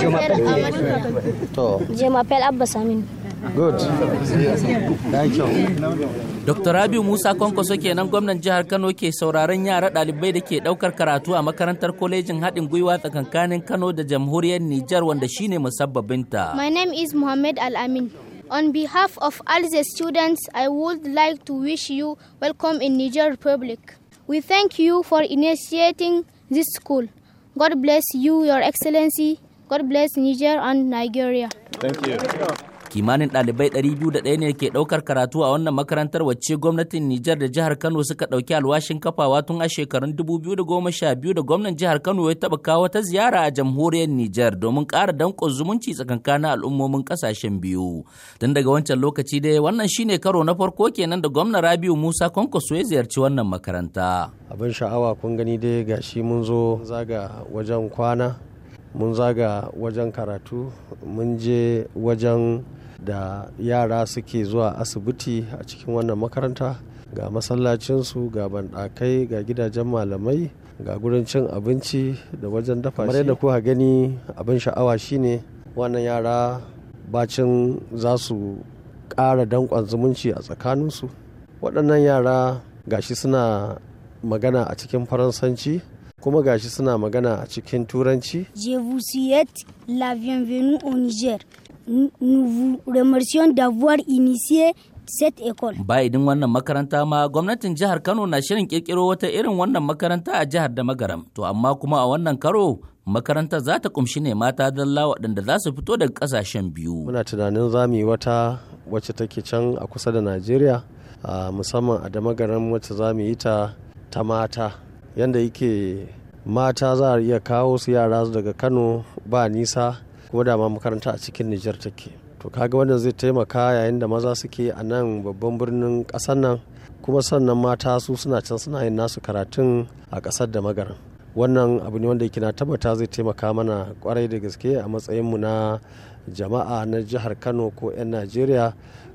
Je m'appelle Je m'appelle Dr. Rabiu Musa Konkoso kenan gwamnan jihar Kano ke sauraron yara ɗalibai da ke ɗaukar karatu a makarantar Kolejin haɗin gwiwa tsakankanin Kano da jamhuriyar Nijar wanda shine musabbabinta. My name is Muhammad Al-Amin. On behalf of all the students, I would like to wish you welcome in Niger Republic. We thank you for initiating this school. God bless you, Your Excellency, God bless Niger and Nigeria. Thank you. Kimanin ɗalibai 201 ne ke ɗaukar karatu a wannan makarantar wacce gwamnatin Nijar da jihar Kano suka ɗauki alwashin kafawa tun a shekarun 2012 da gwamnan jihar Kano ya taɓa kawo ta ziyara a jamhuriyar Nijar domin ƙara danƙon zumunci tsakankanin al'ummomin ƙasashen biyu. Tun daga wancan lokaci dai wannan shine karo na farko kenan da gwamna Rabiu Musa Kwankwaso ya ziyarci wannan makaranta. Abin sha'awa kun gani dai gashi mun zo zaga wajen kwana mun zaga wajen karatu mun je wajen da yara suke zuwa asibiti a cikin wannan makaranta ga masallacinsu ga banɗakai ga gidajen malamai ga gurin cin abinci da wajen dafa shi da kuka gani abin sha'awa shine wannan yara bacin za su ƙara danƙon zumunci a tsakaninsu waɗannan yara gashi suna magana a cikin faransanci kuma gashi suna magana a cikin turanci. Je vous souhaite la bienvenue au Niger. Nous vous remercions d'avoir initié cette ecole. Ba idin wannan makaranta ma gwamnatin jihar Kano na shirin kirkiro wata irin wannan makaranta a jihar da To amma kuma a wannan karo makaranta za ta kumshi ne mata dalla waɗanda za su fito daga ƙasashen biyu. Muna tunanin za mu yi wata wacce take can a kusa da Najeriya musamman a da wacce za mu yi ta ta mata. yadda yake mata za a iya kawo su yara daga kano ba nisa kuma dama makaranta a cikin nijar take to kaga wannan zai taimaka yayin da maza suke a nan babban birnin ƙasar nan kuma sannan mata su suna can suna yin nasu karatun a ƙasar da magara wannan abu ne wanda yake na tabbata zai taimaka mana kwarai da gaske a matsayinmu na jama'a na jihar kano ko 'yan najeriya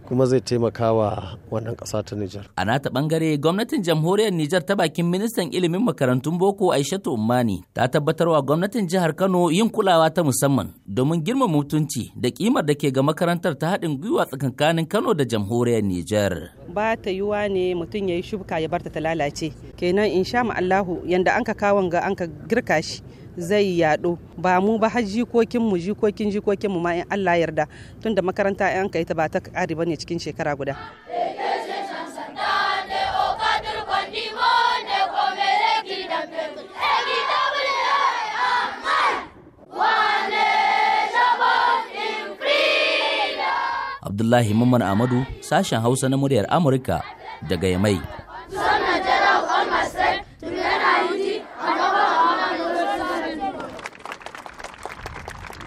kuma zai taimaka wa wannan ƙasa ta Nijar. A nata ɓangare gwamnatin jamhuriyar Nijar ta bakin ministan ilimin makarantun boko Aishatu umani ta tabbatar wa gwamnatin jihar Kano yin kulawa ta musamman domin girmama mutunci da kimar da ke ga makarantar ta haɗin gwiwa tsakankanin Kano da jamhuriyar Nijar. Ba ta yiwa ne mutum ya yi shubka ya barta ta lalace. Kenan insha sha Allahu yanda an ka kawon ga an ka girka shi zai yaɗo ba mu ba har jikokin mu jikokin jikokin mu ma in Allah yarda tunda makaranta an kai ta ba ta ƙare bane cikin shekara guda. Abdullahi Mamman Amadu sashen Hausa na muryar Amurka daga Yamai.